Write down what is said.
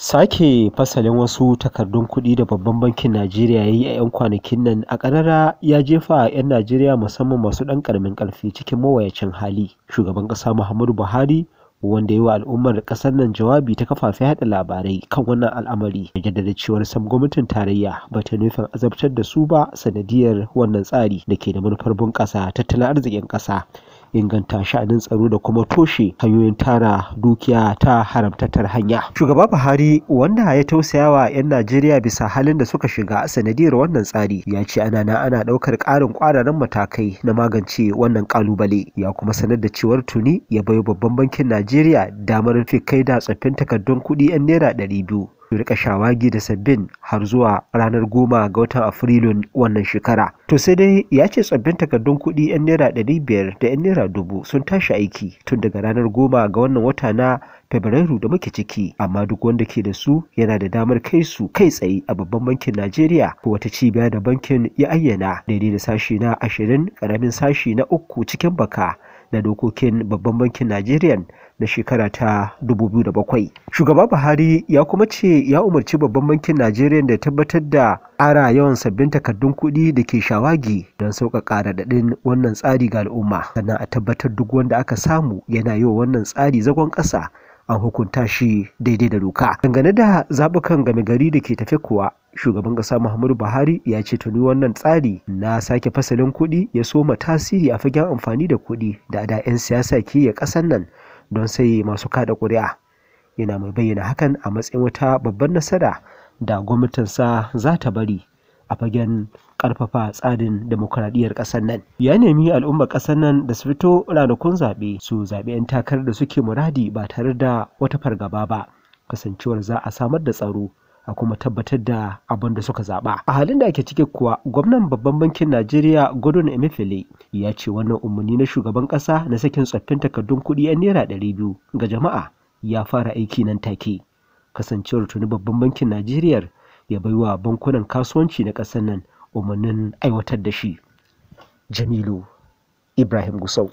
Sake fasalin wasu takardun kuɗi da Babban Bankin Najeriya ya yi a 'yan kwanakin nan a ƙarara ya jefa 'yan Najeriya musamman masu ɗan karamin karfi cikin mawayacin hali. Shugaban ƙasa Muhammadu Buhari wanda yi wa al'ummar ƙasar nan jawabi ta kafafen yaɗa labarai kan wannan al'amari da jaddada cewar sam gwamnatin tarayya ba ta nufin azabtar da su ba sanadiyar wannan tsari da ke da manufar bunƙasa tattalin arzikin ƙasa inganta sha'anin tsaro da kuma toshe hanyoyin tara dukiya ta haramtattar hanya shugaba buhari wanda ya tausaya wa 'yan najeriya bisa halin da suka shiga sanadiyar wannan tsari ya ce ana na ana ɗaukar ƙarin ƙwararren matakai na magance wannan ƙalubale ya kuma sanar da cewar tuni ya bayo babban bankin najeriya damar fi kai da tsaffin takardun kuɗi 'yan naira 200 su rika shawagi da sabbin har zuwa ranar goma ga watan afrilun wannan shekara to sai dai ya ce tsabbin takardun kuɗi 'yan naira ɗari biyar da 'yan naira dubu sun tashi aiki tun daga ranar goma ga wannan wata na fabrairu da muke ciki amma duk wanda ke da su yana da damar kai su kai tsaye a babban bankin najeriya ko wata cibiya da bankin ya ayyana daidai da sashi na ashirin karamin sashi na uku cikin baka da dokokin babban bankin najeriya na shekara ta 2007 shugaba buhari ya kuma ce ya umarci babban bankin najeriya da tabbatar da ara yawan sabbin takardun kuɗi da ke shawagi don sauƙaƙa raɗaɗin wannan tsari ga al'umma sannan a tabbatar duk wanda aka samu yana yi wa wannan tsari zagon ƙasa an hukunta shi daidai da doka dangane da zabukan game gari da ke tafe kuwa shugaban ƙasa muhammadu buhari ya ce tuni wannan tsari na sake fasalin kuɗi ya soma tasiri a fagen amfani da kuɗi da da 'yan siyasa ke ya ƙasar nan don sai masu kada ƙuri'a yana mai bayyana hakan a matsayin wata babbar nasara da gwamnatinsa za ta bari a fagen karfafa tsarin demokuraɗiyyar ƙasar nan ya nemi al'ummar ƙasar nan da su fito ranakun zaɓe su zaɓi 'yan takarar da suke muradi ba tare da wata fargaba ba kasancewar za a samar da tsaro a kuma tabbatar da abin da suka zaɓa a halin da ake ciki kuwa gwamnan babban bankin najeriya gordon emefiele ya ce wannan umarni na shugaban ƙasa na sakin tsoffin takardun kuɗi 'yan naira ɗari biyu ga jama'a ya fara aiki nan take kasancewar tuni babban bankin najeriya ya baiwa bankunan kasuwanci na ƙasar nan umarnin aiwatar da shi jamilu ibrahim gusau